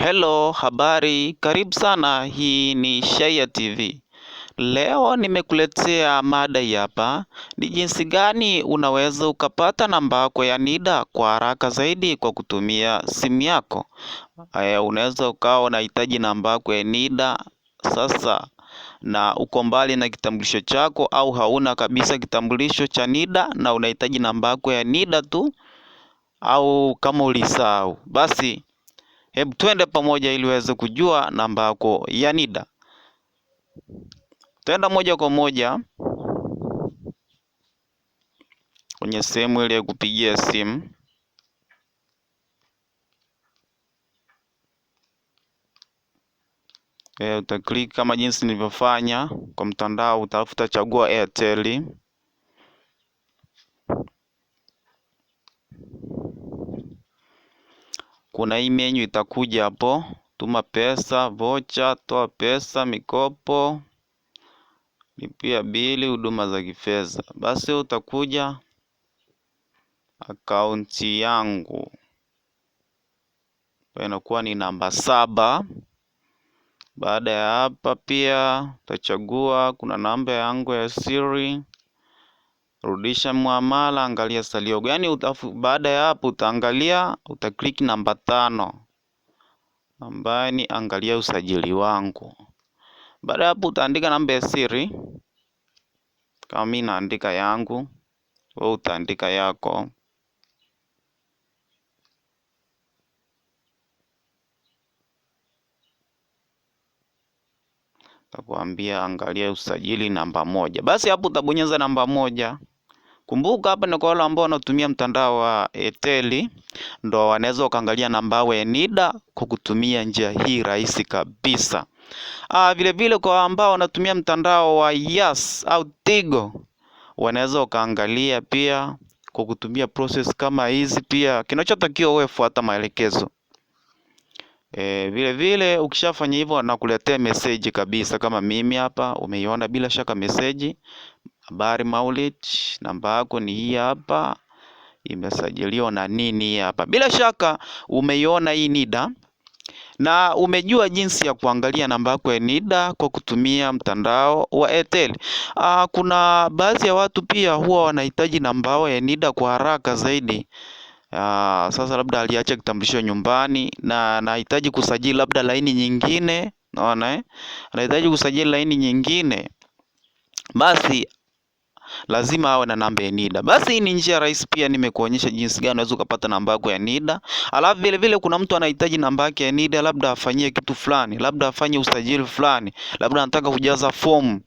Hello, habari, karibu sana. Hii ni Shayia TV. Leo nimekuletea mada hapa, ni jinsi gani unaweza ukapata namba yako ya NIDA kwa haraka zaidi kwa kutumia simu yako. Eh, unaweza ukawa unahitaji namba yako ya NIDA sasa na uko mbali na kitambulisho chako au hauna kabisa kitambulisho cha NIDA na unahitaji namba yako ya NIDA tu au kama ulisahau basi Hebu twende pamoja ili uweze kujua namba yako ya NIDA. Twenda moja kwa moja kwenye sehemu ile ya kupigia simu. E, eh, utaklik kama jinsi nilivyofanya kwa mtandao, utafuta chagua Airtel. Kuna hii menu itakuja hapo, tuma pesa, vocha, toa pesa, mikopo, lipia bili, huduma za kifedha. Basi utakuja akaunti yangu pa inakuwa ni namba saba. Baada ya hapa pia utachagua kuna namba yangu ya siri rudisha mwamala angalia salio gani. Baada ya hapo, utaangalia utaklik namba tano ambaye ni angalia usajili wangu. Baada ya hapo, utaandika namba ya siri kama mimi naandika yangu, wewe utaandika yako. Takuambia angalia usajili namba moja. Basi hapo utabonyeza namba moja. Kumbuka hapa ni kwa wale ambao wanatumia mtandao wa Airtel ndo wanaweza ukaangalia namba yao ya NIDA kwa kutumia njia hii rahisi kabisa. Ah, vile vile kwa ambao wanatumia mtandao wa Yas au Tigo wanaweza ukaangalia pia kwa kutumia process kama hizi pia. Kinachotakiwa wewe fuata maelekezo. E, vile vile ukishafanya hivyo nakuletea message kabisa kama mimi hapa umeiona bila shaka message Habari Maulid, namba yako ni hii hapa, imesajiliwa na nini hapa. Bila shaka umeiona hii NIDA na umejua jinsi ya kuangalia namba yako ya NIDA kwa kutumia mtandao wa Airtel. Aa, ah, kuna baadhi ya watu pia huwa wanahitaji namba yao ya NIDA kwa haraka zaidi. Aa, ah, sasa labda aliacha kitambulisho nyumbani na anahitaji kusajili labda laini nyingine, naona eh, anahitaji kusajili laini nyingine, basi lazima awe na namba ya NIDA. Basi hii ni njia rahisi, pia nimekuonyesha jinsi gani unaweza ukapata namba yako ya NIDA. Alafu vile vile kuna mtu anahitaji namba yake ya NIDA, labda afanyie kitu fulani, labda afanye usajili fulani, labda anataka kujaza fomu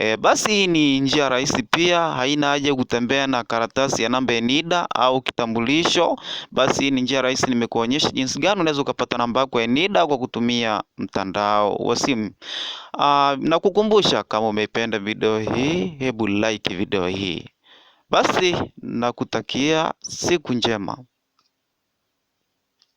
E, basi hii ni njia rahisi pia, haina haja kutembea na karatasi ya namba ya NIDA au kitambulisho. Basi hii ni njia rahisi, nimekuonyesha jinsi gani unaweza ukapata namba yako ya NIDA kwa kutumia mtandao wa simu. Na kukumbusha, kama umeipenda video hii, hebu like video hii. Basi nakutakia siku njema.